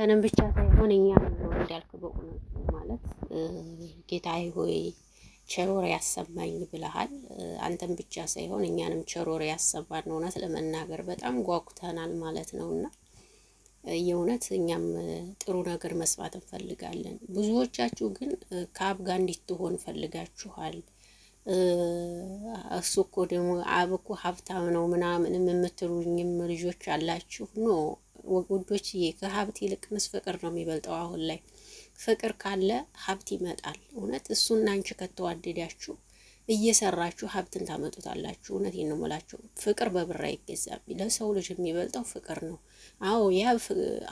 ተንም ብቻ ሳይሆን እኛ ነው እንዳልክ በእውነቱ ማለት ጌታዬ ሆይ ቸሮር ያሰማኝ ብለሃል። አንተም ብቻ ሳይሆን እኛንም ቸሮር ያሰማን። እውነት ለመናገር በጣም ጓጉተናል ማለት ነው እና የእውነት እኛም ጥሩ ነገር መስማት እንፈልጋለን። ብዙዎቻችሁ ግን ከአብ ጋር እንድትሆን ፈልጋችኋል። እሱ እኮ ደግሞ አብ እኮ ሀብታም ነው ምናምንም የምትሉኝም ልጆች አላችሁ ኖ ውዶችዬ ከሀብት ይልቅንስ ፍቅር ነው የሚበልጠው። አሁን ላይ ፍቅር ካለ ሀብት ይመጣል። እውነት እሱና አንቺ ከተዋደዳችሁ እየሰራችሁ ሀብትን ታመጡታላችሁ። እውነት ነው ፍቅር በብር አይገዛም። ለሰው ልጅ የሚበልጠው ፍቅር ነው። አዎ ያ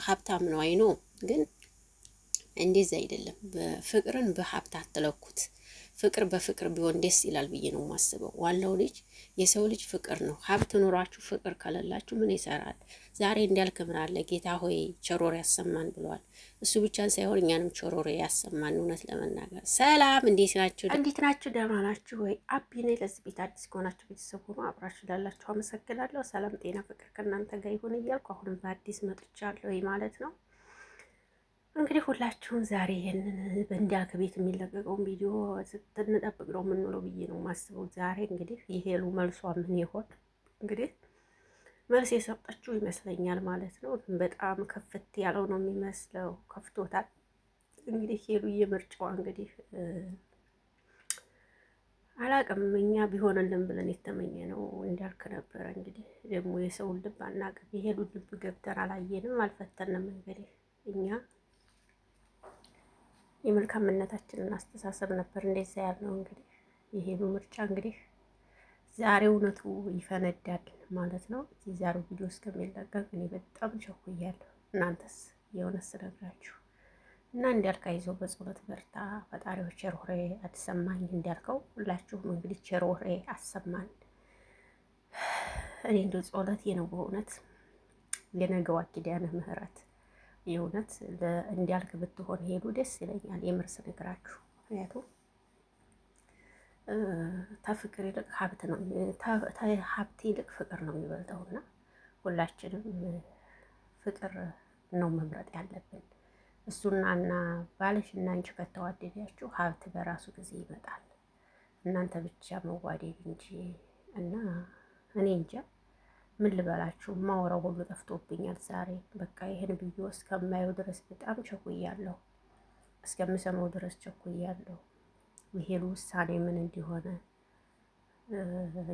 ሀብታም ነው አይኖ፣ ግን እንደዚ አይደለም። ፍቅርን በሀብት አትለኩት። ፍቅር በፍቅር ቢሆን ደስ ይላል ብዬ ነው የማስበው። ዋናው ልጅ የሰው ልጅ ፍቅር ነው። ሀብት ኑሯችሁ ፍቅር ከሌላችሁ ምን ይሰራል? ዛሬ አለ? ጌታ ሆይ ቸሮር ያሰማን ብለዋል። እሱ ብቻ ሳይሆን እኛንም ቸሮር ያሰማን። እውነት ለመናገር ሰላም፣ እንዴት ናችሁ? እንዴት ናችሁ? ደህና ናችሁ ወይ? አቢነ ለዚህ ቤት አዲስ ከሆናችሁ ቤተሰብ ሆኖ አብራችሁ ላላችሁ አመሰግናለሁ። ሰላም፣ ጤና፣ ፍቅር ከእናንተ ጋር ይሁን እያልኩ አሁንም በአዲስ መጥቻለሁ ማለት ነው። እንግዲህ ሁላችሁም ዛሬ ይህንን በእንዲያ ከቤት የሚለቀቀውን ቪዲዮ ስትንጠብቅ ነው የምንውለው ብዬ ነው ማስበው። ዛሬ እንግዲህ የሄሉ መልሷ ምን ይሆን እንግዲህ መልስ የሰጠችው ይመስለኛል ማለት ነው። በጣም ከፍት ያለው ነው የሚመስለው፣ ከፍቶታል። እንግዲህ ሄሉ ምርጫዋ እንግዲህ አላቅም እኛ ቢሆንልን ብለን የተመኘ ነው እንዳልክ ነበረ። እንግዲህ ደግሞ የሰውን ልብ አናቅም፣ የሄሉን ልብ ገብተን አላየንም፣ አልፈተንም። እንግዲህ እኛ የመልካምነታችንን አስተሳሰብ ነበር እንደዛ ያልነው። እንግዲህ ይሄኑ ምርጫ እንግዲህ ዛሬ እውነቱ ይፈነዳል ማለት ነው። የዛሬው ቪዲዮ እስከሚለቀቅ እኔ በጣም ቸኩያለሁ። እናንተስ የእውነት ስነግራችሁ እና እንዲያልካ ይዞ በጸሎት በርታ። ፈጣሪው ቸርሆሬ አትሰማኝ እንዲያልከው ሁላችሁም እንግዲህ ቸርሆሬ አሰማን። እኔ እንደ ጸሎቴ የነበ እውነት የነገዋ ኪዳነ ምህረት የእውነት እንዲያልክ ብትሆን ሄዱ ደስ ይለኛል። የምርስ ነግራችሁ ምክንያቱም ተፍቅር ይልቅ ሀብት ነው ሀብት ይልቅ ፍቅር ነው የሚበልጠው እና ሁላችንም ፍቅር ነው መምረጥ ያለብን። እሱና እና ባለሽ እና አንቺ ከተዋደዳችሁ ሀብት በራሱ ጊዜ ይመጣል። እናንተ ብቻ መዋደድ እንጂ እና እኔ እንጃ ምን ልበላችሁ ማወራው ሁሉ ጠፍቶብኛል ዛሬ። በቃ ይህን ብዬ እስከማየው ድረስ በጣም ቸኩያለሁ፣ እስከምሰማው ድረስ ቸኩያለሁ። ይሄን ውሳኔ ምን እንዲሆነ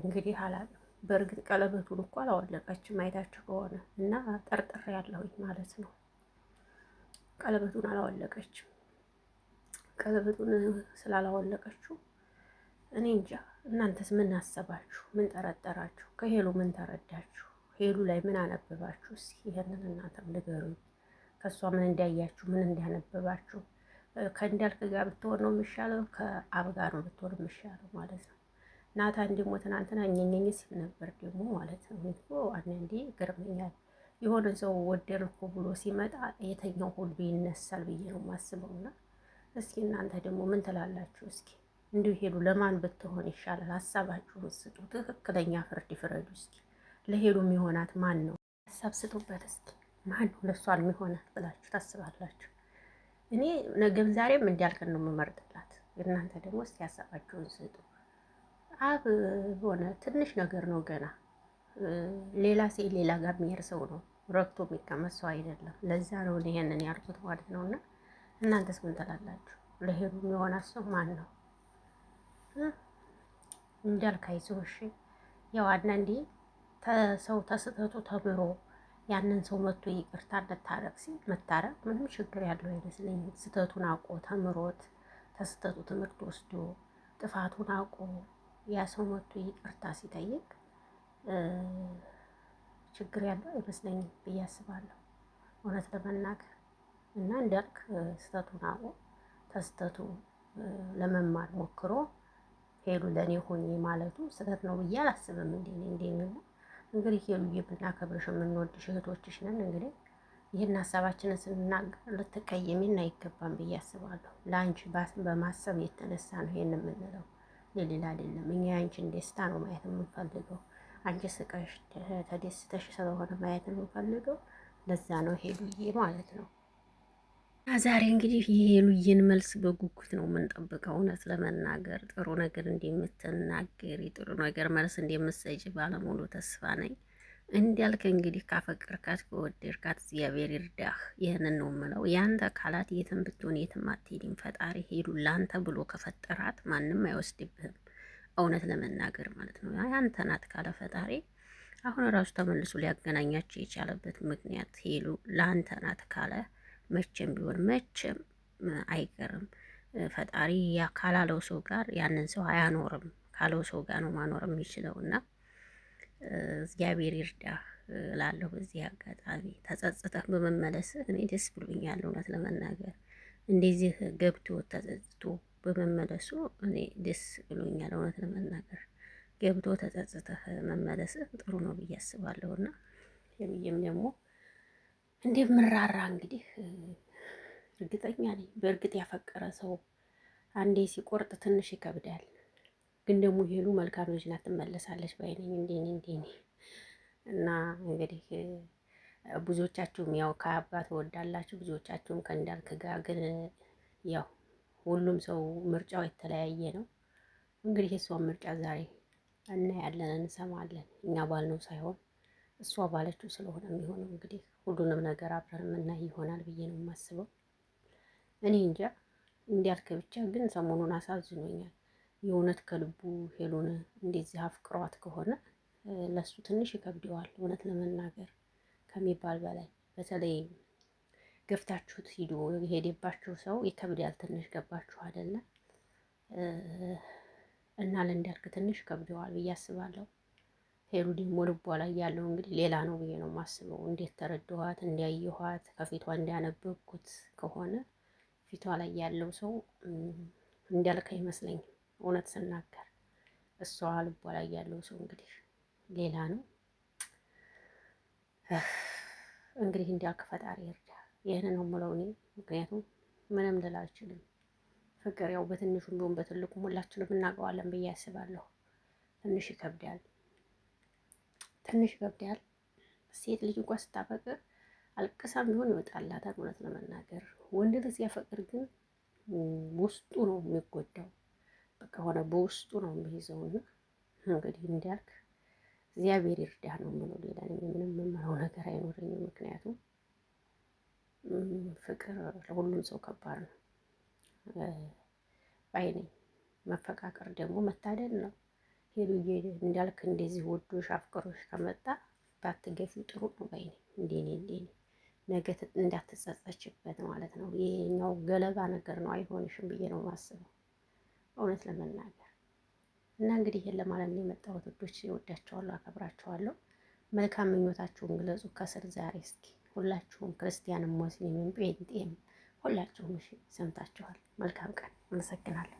እንግዲህ አላለም። በእርግጥ ቀለበቱን እኮ አላወለቀችም አይታችሁ ከሆነ እና ጠርጥሬ ያለሁኝ ማለት ነው። ቀለበቱን አላወለቀችም። ቀለበቱን ስላላወለቀችው እኔ እንጃ። እናንተስ ምን አሰባችሁ? ምን ጠረጠራችሁ? ከሄሉ ምን ተረዳችሁ? ሄሉ ላይ ምን አነበባችሁ? እስኪ ይህንን እናንተም ንገሩኝ። ከእሷ ምን እንዳያችሁ፣ ምን እንዳነበባችሁ። ከእንዳልክ ጋር ብትሆን ነው የሚሻለው፣ ከአብ ጋር ነው ብትሆን የሚሻለው ማለት ነው። ናታን ደግሞ ትናንትና እኛኛኝ ሲል ነበር ደግሞ ማለት ነው። እኮ አንዳንዴ ይገርመኛል። የሆነ ሰው ወደር ብሎ ሲመጣ የተኛው ሁሉ ይነሳል ብዬ ነው የማስበውና እስኪ እናንተ ደግሞ ምን ትላላችሁ እስኪ እንዲሁ ሄሉ ለማን ብትሆን ይሻላል? ሀሳባችሁን ስጡ። ትክክለኛ ፍርድ ይፍረዱ። እስኪ ለሄሉ የሚሆናት ማን ነው? ሀሳብ ስጡበት እስኪ። ማን ነው ለእሷ የሚሆናት ብላችሁ ታስባላችሁ? እኔ ነገም ዛሬም እንዲያልከን ነው የምመርጥላት። እናንተ ደግሞ እስኪ ሀሳባችሁን ስጡ። አብ ሆነ ትንሽ ነገር ነው ገና። ሌላ ሴ ሌላ ጋር የሚሄድ ሰው ነው ረግቶ የሚቀመጥ ሰው አይደለም። ለዛ ነው ይሄንን ያልኩት ማለት ነው። እና እናንተስ ምን ትላላችሁ? ለሄሉ የሚሆናት ሰው ማን ነው? እንዳልክ አይዞሽ። ያው አንዳንዴ ተሰው ተስህተቱ ተምሮ ያንን ሰው መቶ ይቅርታ እንድታረቅ ሲል መታረቅ ምንም ችግር ያለው አይመስለኝም። ስህተቱን አውቆ ተምሮት ተስተቱ ትምህርት ወስዶ ጥፋቱን አውቆ ያ ሰው መቶ ይቅርታ ሲጠይቅ ችግር ያለው አይመስለኝም ብዬ አስባለሁ እውነት ለመናገር እና እንዳልክ ስህተቱን አውቆ ተስተቱ ለመማር ሞክሮ ሄሉ ለእኔ ሆኜ ማለቱ ስህተት ነው ብዬ አላስብም። እንዴ እንዴና እንግዲህ ሄሉዬ ብናከብርሽ የምንወድሽ እህቶችሽ ነን። እንግዲህ ይህን ሀሳባችንን ስንናገር ልትቀየሚን አይገባም ብዬ አስባለሁ። ለአንቺ በማሰብ የተነሳ ነው ይህን የምንለው፣ ለሌላ አይደለም። እኛ የአንቺን ደስታ ነው ማየት የምንፈልገው። አንቺ ስቀሽ ተደስተሽ ስለሆነ ማየት የምንፈልገው ለዛ ነው ሄሉዬ ማለት ነው። ዛሬ እንግዲህ የሄሉዬን መልስ በጉጉት ነው የምንጠብቀው። እውነት ለመናገር ጥሩ ነገር እንደምትናገሪ ጥሩ ነገር መልስ እንደምትሰጪ ባለሙሉ ተስፋ ነኝ። እንዲያልክ እንግዲህ ካፈቀርካት ከወደድካት እግዚአብሔር ይርዳህ። ይህንን ነው የምለው። ያንተ ካላት የትም ብትሆን የትም አትሄድም። ፈጣሪ ሄዱ ላንተ ብሎ ከፈጠራት ማንም አይወስድብህም። እውነት ለመናገር ማለት ነው። ያንተ ናት ካለ ፈጣሪ አሁን ራሱ ተመልሶ ሊያገናኛቸው የቻለበት ምክንያት ሄሉ ላንተ ናት ካለ መቼም ቢሆን መቼም አይቀርም። ፈጣሪ ያ ካላለው ሰው ጋር ያንን ሰው አያኖርም። ካለው ሰው ጋር ነው ማኖር የሚችለው እና እግዚአብሔር ይርዳ እላለሁ። በዚህ አጋጣሚ ተጸጽተህ በመመለስህ እኔ ደስ ብሎኛል። እውነት ለመናገር እንደዚህ ገብቶ ተጸጽቶ በመመለሱ እኔ ደስ ብሎኛል። እውነት ለመናገር ገብቶ ተጸጽተህ መመለስህ ጥሩ ነው ብዬ አስባለሁ እና ይህም ደግሞ ምራራ እንግዲህ እርግጠኛ ነኝ። በእርግጥ ያፈቀረ ሰው አንዴ ሲቆርጥ ትንሽ ይከብዳል። ግን ደግሞ ሄሉ መልካም ልጅ ናት፣ ትመለሳለች ባይነኝ እንዴኔ እንዴኔ እና እንግዲህ ብዙዎቻችሁም ያው ከአባ ትወዳላችሁ፣ ብዙዎቻችሁም ከእንዳልክ ጋር ግን ያው ሁሉም ሰው ምርጫው የተለያየ ነው። እንግዲህ የእሷን ምርጫ ዛሬ እናያለን፣ እንሰማለን። እኛ ባልነው ሳይሆን እሷ ባለችው ስለሆነ የሚሆነው እንግዲህ ሁሉንም ነገር አብረን የምናይ ይሆናል ብዬ ነው የማስበው። እኔ እንጃ እንዲያልክ ብቻ ግን ሰሞኑን አሳዝኖኛል። የእውነት ከልቡ ሄሉን እንደዚህ አፍቅሯት ከሆነ ለሱ ትንሽ ይከብደዋል። እውነት ለመናገር ከሚባል በላይ በተለይ ገፍታችሁት ሂዶ የሄደባችሁ ሰው ይከብዳል። ትንሽ ገባችሁ አይደለም እና ለእንዳልክ ትንሽ ከብደዋል ብዬ አስባለሁ። ሄሉ ደግሞ ልቧ ላይ ያለው እንግዲህ ሌላ ነው ብዬ ነው የማስበው። እንዴት ተረድኋት እንዲያየኋት ከፊቷ እንዲያነበብኩት ከሆነ ፊቷ ላይ ያለው ሰው እንዲያልክ አይመስለኝም። እውነት ስናገር እሷ ልቧ ላይ ያለው ሰው እንግዲህ ሌላ ነው። እንግዲህ እንዲያልክ ፈጣሪ ይርዳ። ይህን ነው የምለው እኔ። ምክንያቱም ምንም ልል አልችልም። ፍቅር ያው በትንሹም ቢሆን በትልቁም ሁላችንም እናውቀዋለን ብዬ አስባለሁ። ትንሽ ይከብዳል። ትንሽ ይከብዳል። ሴት ልጅ እንኳን ስታፈቅር አልቅሳም ቢሆን ይወጣላታል እውነት ለመናገር። ወንድ ልጅ ሲያፈቅር ግን ውስጡ ነው የሚጎዳው፣ በቃ ሆነ በውስጡ ነው የሚይዘው። እና እንግዲህ እንዲያልክ እግዚአብሔር ይርዳህ ነው የምለው። ሌላ ምንም የምለው ነገር አይኖረኝም። ምክንያቱም ፍቅር ለሁሉም ሰው ከባድ ነው ባይ ነኝ። መፈቃቀር ደግሞ መታደል ነው። ሄሉዬ እንዳልክ እንደዚህ ወዶሽ አፍቅሮሽ ከመጣ ባትገፊ ጥሩ ነው ባይ እንዴኔ እንደኔ ነገ እንዳትጸጸችበት ማለት ነው። ይሄኛው ገለባ ነገር ነው፣ አይሆንሽም ብዬ ነው ማስበው እውነት ለመናገር እና እንግዲህ ይህን ለማለት ነው የመጣሁት። ወዶች እወዳቸዋለሁ፣ አከብራቸዋለሁ። መልካም ምኞታችሁን ግለጹ ከስር ዛሬ እስኪ ሁላችሁም ክርስቲያንም፣ ሙስሊምም፣ ጴንጤም ሁላችሁም እሺ ሰምታችኋል። መልካም ቀን። አመሰግናለሁ።